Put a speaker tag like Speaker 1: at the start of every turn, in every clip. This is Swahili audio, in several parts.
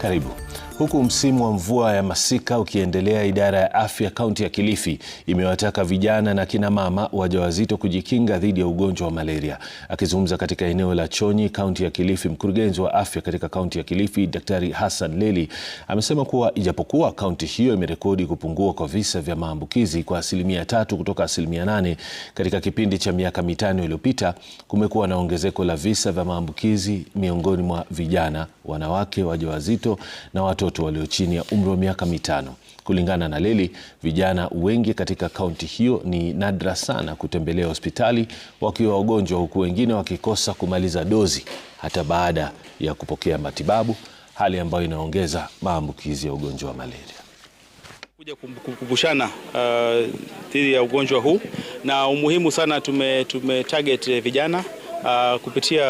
Speaker 1: Karibu. Huku msimu wa mvua ya masika ukiendelea, idara ya afya kaunti ya Kilifi imewataka vijana na kina mama wajawazito kujikinga dhidi ya ugonjwa wa malaria. Akizungumza katika eneo la Chonyi, kaunti ya Kilifi, mkurugenzi wa afya katika kaunti ya Kilifi, Daktari Hassan Leli amesema kuwa ijapokuwa kaunti hiyo imerekodi kupungua kwa visa vya maambukizi kwa asilimia tatu kutoka asilimia nane katika kipindi cha miaka mitano iliyopita, kumekuwa na ongezeko la visa vya maambukizi miongoni mwa vijana, wanawake wajawazito na watoto watoto walio chini ya umri wa miaka mitano. Kulingana na Leli, vijana wengi katika kaunti hiyo ni nadra sana kutembelea hospitali wakiwa wagonjwa, huku wengine wakikosa kumaliza dozi hata baada ya kupokea matibabu, hali ambayo inaongeza maambukizi ya ugonjwa wa malaria
Speaker 2: kuja kukumbushana uh, dhidi uh, ya ugonjwa huu na umuhimu sana tume, tume target eh, vijana Uh, kupitia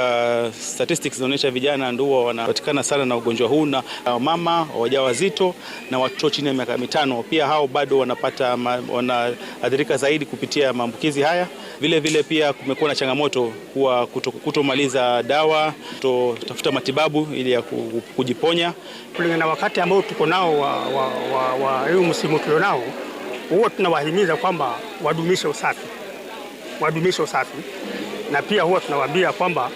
Speaker 2: statistics zinaonyesha vijana ndio wanapatikana sana na ugonjwa huu na ah, mama wajawazito na watoto chini ya miaka mitano, pia hao bado wanapata wanaathirika zaidi kupitia maambukizi haya. Vile vile pia kumekuwa na changamoto kuwa kutomaliza kuto dawa, kutafuta matibabu ili ya kujiponya
Speaker 3: kulingana na wakati ambao tuko nao wa, wa, wa, wa hiyo msimu tulionao, huwa tunawahimiza kwamba wadumishe usafi, wadumishe usafi na pia huwa tunawaambia kwamba